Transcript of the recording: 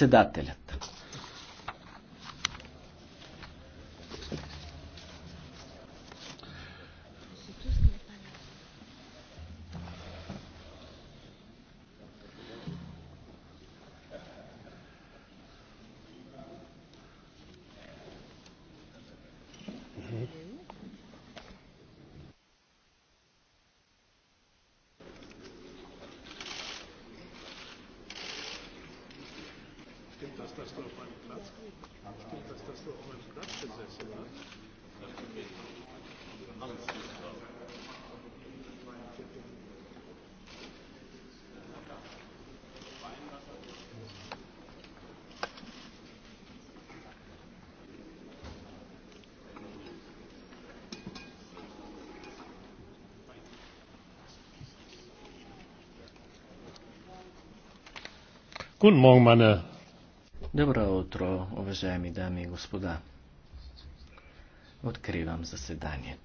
Председателят das nur auf meinem Platz? Spielt auf meinem guten morgen meine Добро утро, уважаеми дами и господа. Откривам заседанието.